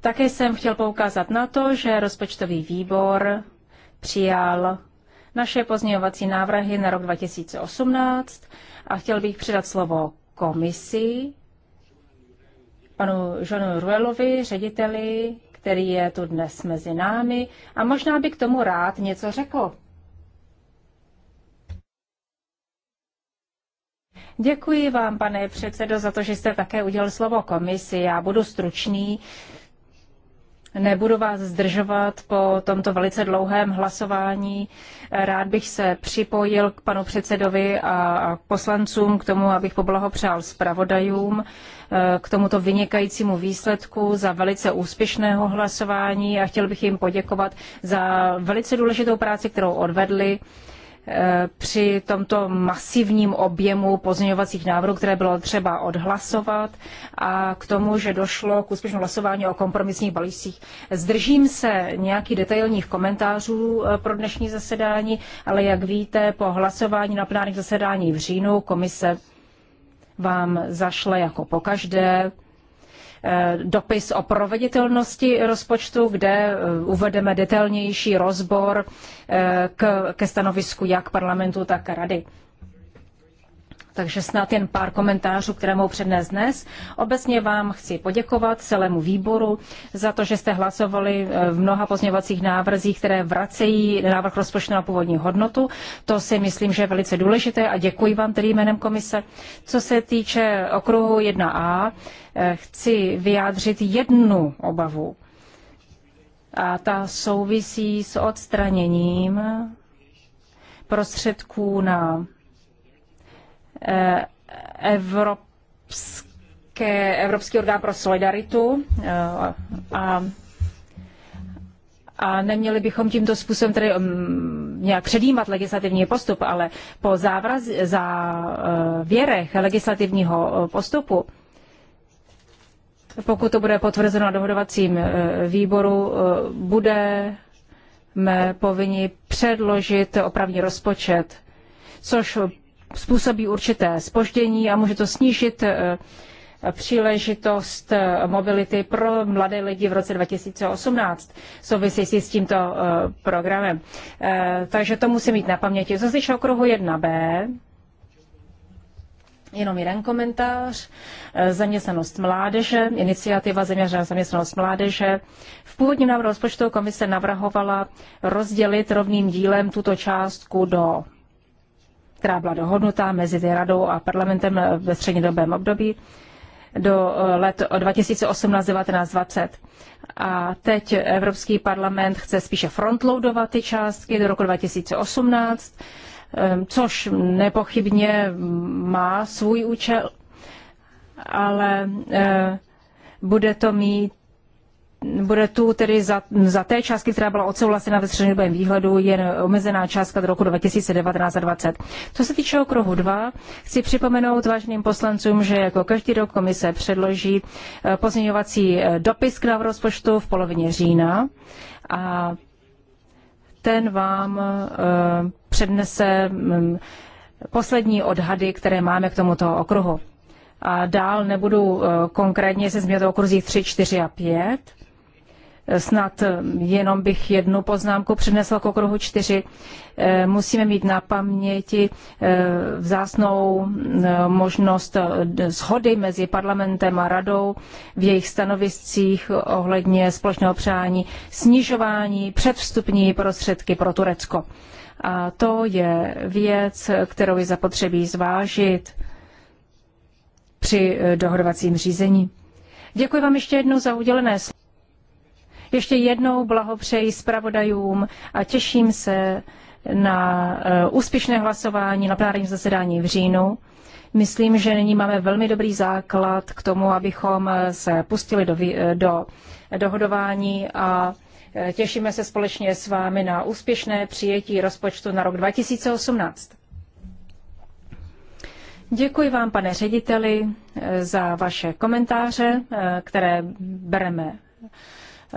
Speaker 2: Také jsem chtěl poukázat na to, že rozpočtový výbor přijal naše pozměňovací návrhy na rok 2018 a chtěl bych předat slovo komisi, panu Johnu Ruelovi, řediteli, který je tu dnes mezi námi a možná by k tomu rád něco řekl. Děkuji vám, pane předsedo, za to, že jste také udělal slovo komisi. Já budu stručný. Nebudu vás zdržovat po tomto velice dlouhém hlasování. Rád bych se připojil k panu předsedovi a poslancům k tomu, abych poblahopřál zpravodajům e, k tomuto vynikajícímu výsledku za velice úspěšného hlasování a chtěl bych jim poděkovat za velice důležitou práci, kterou odvedli Eh, při tomto masivním objemu pozměňovacích návrhů, které bylo třeba odhlasovat a k tomu, že došlo k úspěšnému hlasování o kompromisních balících. Zdržím se nějakých detailních komentářů eh, pro dnešní zasedání, ale jak víte, po hlasování na plenárních zasedání v říjnu komise vám zašle jako pokaždé Eh, dopis o proveditelnosti rozpočtu, kde eh, uvedeme detailnější rozbor eh, ke stanovisku jak parlamentu, tak rady. Takže snad jen pár komentářů, které mohu přednést dnes. Obecně vám chci poděkovat celému výboru za to, že jste hlasovali eh, v mnoha pozměvacích návrzích, které vracejí návrh rozpočtu na původní hodnotu. To si myslím, že je velice důležité a děkuji vám tedy jménem komise. Co se týče okruhu 1a, eh, chci vyjádřit jednu obavu. A ta souvisí s odstraněním prostředků na Eh, evropské, Evropský orgán pro solidaritu eh, a, a neměli bychom tímto způsobem tedy mm, nějak předjímat legislativní postup, ale po závraz, eh, věrech legislativního postupu pokud to bude potvrzeno na dohodovacím výboru, budeme povinni předložit opravní rozpočet, což způsobí určité spoždění a může to snížit eh, příležitost eh, mobility pro mladé lidi v roce 2018 související s tímto eh, programem. Takže to musím mít na paměti. Co se okruhu 1b, Jenom jeden komentář. Zaměstnanost mládeže, iniciativa zaměřená na zaměstnanost mládeže. V původním návrhu rozpočtu komise navrhovala rozdělit rovným dílem tuto částku do která byla dohodnutá mezi radou a parlamentem ve střednědobém období do eh, let 2018, 1920 A teď Evropský parlament chce spíše frontloadovat ty částky do roku 2018, eh, což nepochybně má svůj účel, ale eh, bude to mít bude tu tedy za, za té částky, která byla odsouhlasena ve střednědobém výhledu, jen omezená částka do roku 2019 a 2020. Co se týče okruhu 2, chci připomenout vážným poslancům, že jako každý rok komise předloží eh, pozměňovací eh, dopis k návrhu rozpočtu v polovině října a ten vám eh, přednese mm, poslední odhady, které máme k tomuto okruhu. A dál nebudu konkrétně se změnit o okruzích 3, 4 a 5, Eh, snad eh, jenom bych jednu poznámku přinesla k okruhu čtyři. Eh, musíme mít na paměti vzácnou možnost shody mezi parlamentem a radou v jejich stanoviscích ohledně společného přání snižování předvstupní prostředky pro Turecko. A to je věc, kterou je zapotřebí zvážit při dohodovacím řízení. Děkuji vám ještě jednou za udělené slovo. Ještě jednou blahopřeji zpravodajům a těším se na eh, úspěšné hlasování na plenárním zasedání v říjnu. Myslím, že nyní máme velmi dobrý základ k tomu, abychom eh, se pustili do, eh, do dohodování a těšíme se společně s vámi na úspěšné přijetí rozpočtu na rok 2018. Děkuji vám, pane řediteli, za vaše komentáře, které bereme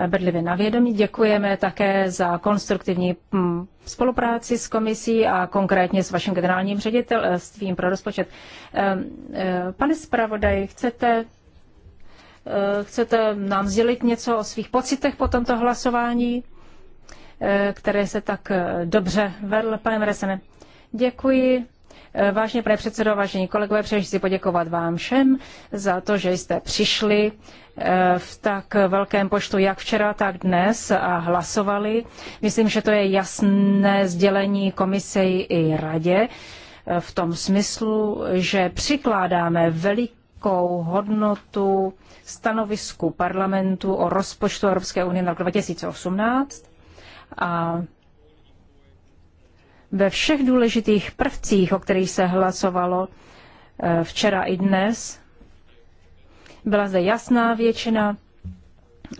Speaker 2: bedlivě na vědomí. Děkujeme také za konstruktivní mm, spolupráci s komisí a konkrétně s vaším generálním ředitelstvím pro rozpočet. Eh, pane zpravodaj, chcete eh, chcete nám sdělit něco o svých pocitech po tomto hlasování, eh, které se tak dobře vedl, pane Mresene. Děkuji. Eh, vážně pane předsedo, vážení kolegové, přeji si poděkovat vám všem za to, že jste přišli eh, v tak velkém počtu jak včera, tak dnes a hlasovali. Myslím, že to je jasné sdělení komise i radě eh, v tom smyslu, že přikládáme velikou hodnotu stanovisku parlamentu o rozpočtu Evropské unie na rok 2018 a ve všech důležitých prvcích, o kterých se hlasovalo eh, včera i dnes, byla zde jasná většina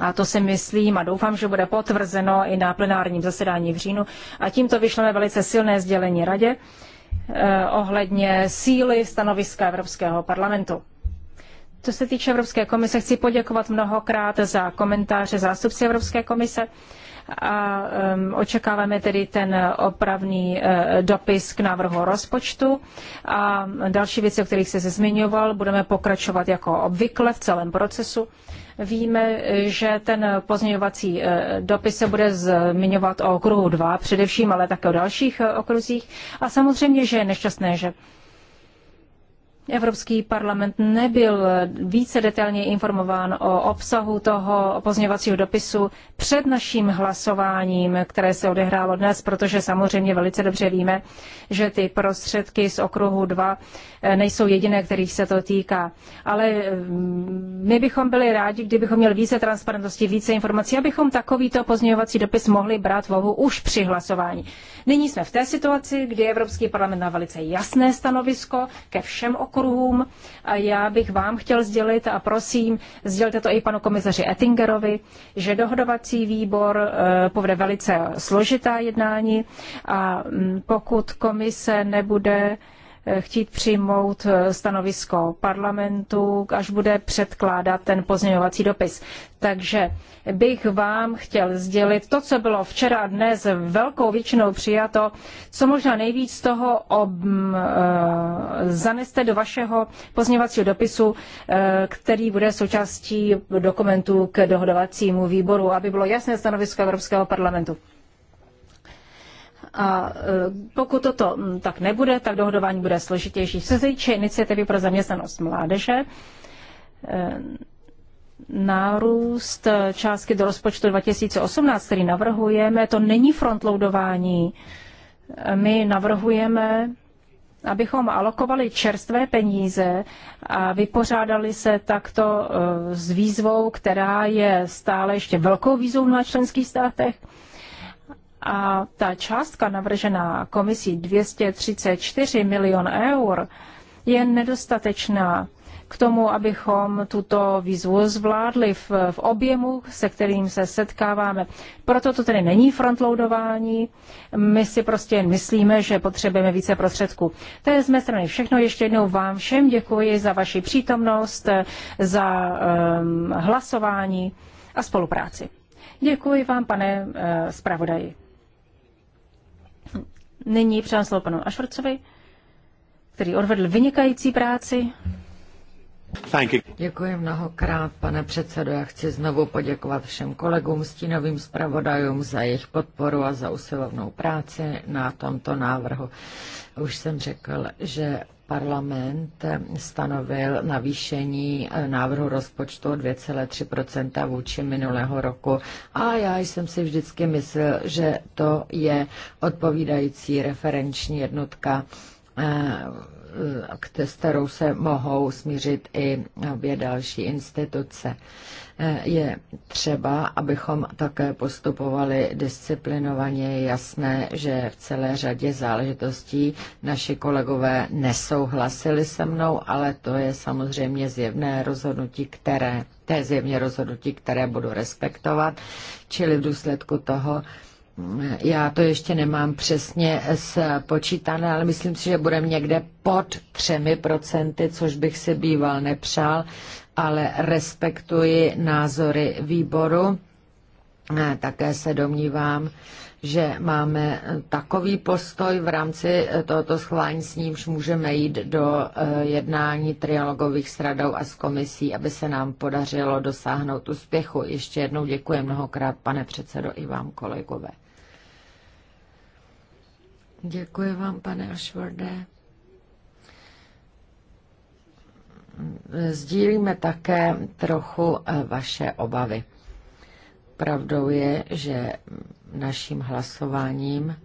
Speaker 2: a to si myslím a doufám, že bude potvrzeno i na plenárním zasedání v říjnu. A tímto vyšleme velice silné sdělení radě eh, ohledně síly stanoviska Evropského parlamentu. Co se týče Evropské komise, chci poděkovat mnohokrát za komentáře zástupci Evropské komise a očekáváme tedy ten eh, opravný eh, dopis k návrhu rozpočtu. A další věci, o kterých se zmiňoval, budeme pokračovat jako obvykle v celém procesu. Víme, že ten pozměňovací eh, dopis se bude zmiňovat o okruhu 2 především, ale také o dalších okruzích. A samozřejmě, že je nešťastné, že Evropský parlament nebyl více detailně informován o obsahu toho pozměňovacího dopisu před naším hlasováním, které se odehrálo dnes, protože samozřejmě velice dobře víme, že ty prostředky z okruhu 2 eh, nejsou jediné, kterých se to týká. Ale mm, my bychom byli rádi, kdybychom měli více transparentnosti, více informací, abychom takovýto pozměňovací dopis mohli brát v úvahu už při hlasování. Nyní jsme v té situaci, kdy Evropský parlament má velice jasné stanovisko ke všem okruhům okruhům. A já bych vám chtěl sdělit a prosím, sdělte to i panu komisaři Ettingerovi, že dohodovací výbor eh, povede velice složitá jednání a mm, pokud komise nebude Eh, chtít přijmout eh, stanovisko parlamentu, až bude předkládat ten pozměňovací dopis. Takže bych vám chtěl sdělit to, co bylo včera a dnes velkou většinou přijato, co možná nejvíc z toho ob, eh, zaneste do vašeho pozměňovacího dopisu, který bude součástí dokumentu k dohodovacímu výboru, aby bylo jasné stanovisko Evropského parlamentu. A e, pokud toto mm, tak nebude, tak dohodování bude složitější. Co se týče iniciativy pro zaměstnanost mládeže, e, nárůst částky do rozpočtu 2018, který navrhujeme, to není frontloadování. My navrhujeme, abychom alokovali čerstvé peníze a vypořádali se takto e, s výzvou, která je stále ještě velkou výzvou na členských státech. A ta částka navržená komisí 234 milion eur je nedostatečná k tomu, abychom tuto výzvu zvládli v, v objemu, se kterým se setkáváme. Proto to tedy není frontloadování. My si prostě myslíme, že potřebujeme více prostředků. To je z mé strany všechno. Ještě jednou vám všem děkuji za vaši přítomnost, za um, hlasování a spolupráci. Děkuji vám, pane uh, zpravodaji. Nyní předám slovo panu Ašvrcovi, který odvedl vynikající práci.
Speaker 1: Děkuji mnohokrát, pane předsedo. Já chci znovu poděkovat všem kolegům, stínovým zpravodajům za jejich podporu a za usilovnou práci na tomto návrhu. Už jsem řekl, že Parlament stanovil navýšení eh, návrhu rozpočtu 2,3 vůči minulého roku a já jsem si vždycky myslel, že to je odpovídající referenční jednotka eh, s kterou se mohou smířit i obě další instituce. Je třeba, abychom také postupovali disciplinovaně. Je jasné, že v celé řadě záležitostí naši kolegové nesouhlasili se mnou, ale to je samozřejmě zjevné rozhodnutí, které, to je zjevně rozhodnutí, které budu respektovat, čili v důsledku toho já to ještě nemám přesně spočítané, ale myslím si, že budeme někde pod třemi procenty, což bych si býval nepřál, ale respektuji názory výboru. Také se domnívám, že máme takový postoj v rámci tohoto schválení, s nímž můžeme jít do eh, jednání trialogových s radou a s komisí, aby se nám podařilo dosáhnout úspěchu. Ještě jednou děkuji mnohokrát, pane předsedo, i vám kolegové. Děkuji vám, pane Ašvorde. Sdílíme také trochu eh, vaše obavy. Pravdou je, že naším hlasováním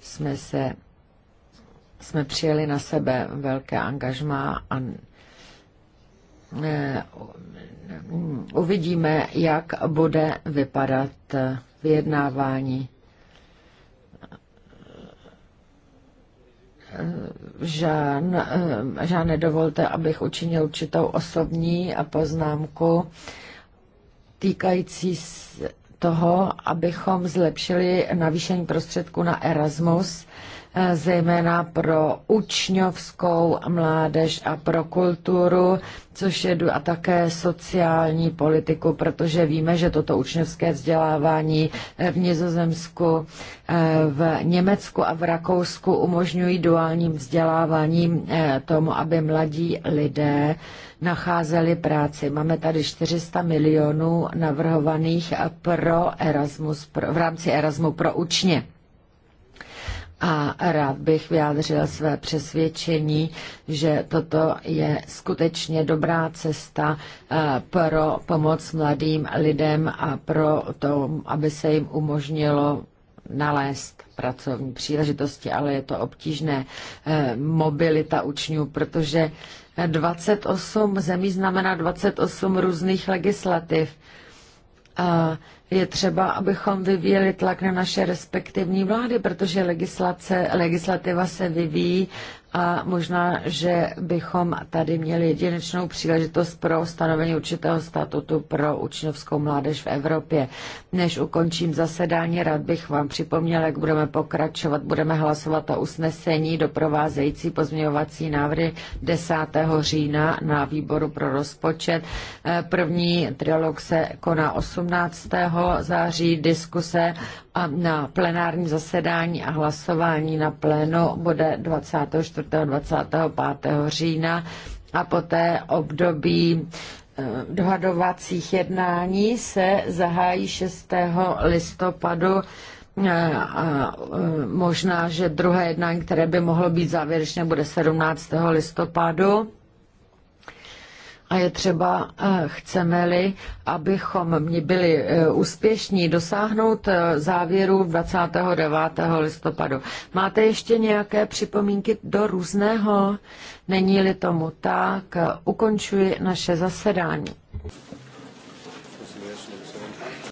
Speaker 1: jsme se jsme přijeli na sebe velké angažmá a eh, uvidíme, jak bude vypadat eh, vyjednávání. Žán, Žáne, nedovolte, abych učinil určitou osobní a poznámku týkající toho, abychom zlepšili navýšení prostředků na Erasmus Eh, zejména pro učňovskou mládež a pro kulturu, což je a také sociální politiku, protože víme, že toto učňovské vzdělávání eh, v Nizozemsku, eh, v Německu a v Rakousku umožňují duálním vzděláváním tomu, aby mladí lidé nacházeli práci. Máme tady 400 milionů navrhovaných pro Erasmus, pro, v rámci Erasmu pro učně a rád bych vyjádřil své přesvědčení, že toto je skutečně dobrá cesta eh, pro pomoc mladým lidem a pro to, aby se jim umožnilo nalézt pracovní příležitosti, ale je to obtížné eh, mobilita učňů, protože 28 zemí znamená 28 různých legislativ je třeba, abychom vyvíjeli tlak na naše respektivní vlády, protože legislace, legislativa se vyvíjí a možná, že bychom tady měli jedinečnou příležitost pro stanovení určitého statutu pro učňovskou mládež v Evropě. Než ukončím zasedání, rád bych vám připomněl, jak budeme pokračovat. Budeme hlasovat o usnesení doprovázející pozměňovací návrhy 10. října na výboru pro rozpočet. Eh, první trilog se koná 18. září, diskuse a na plenární zasedání a hlasování na pleno bude 24. 25. října a poté období eh, dohadovacích jednání se zahájí 6. listopadu eh, a eh, možná, že druhé jednání, které by mohlo být závěrečné, bude 17. listopadu a je třeba, eh, chceme-li, abychom byli eh, úspěšní dosáhnout eh, závěru 29. listopadu. Máte ještě nějaké připomínky do různého? Není-li tomu tak, ukončuji naše zasedání.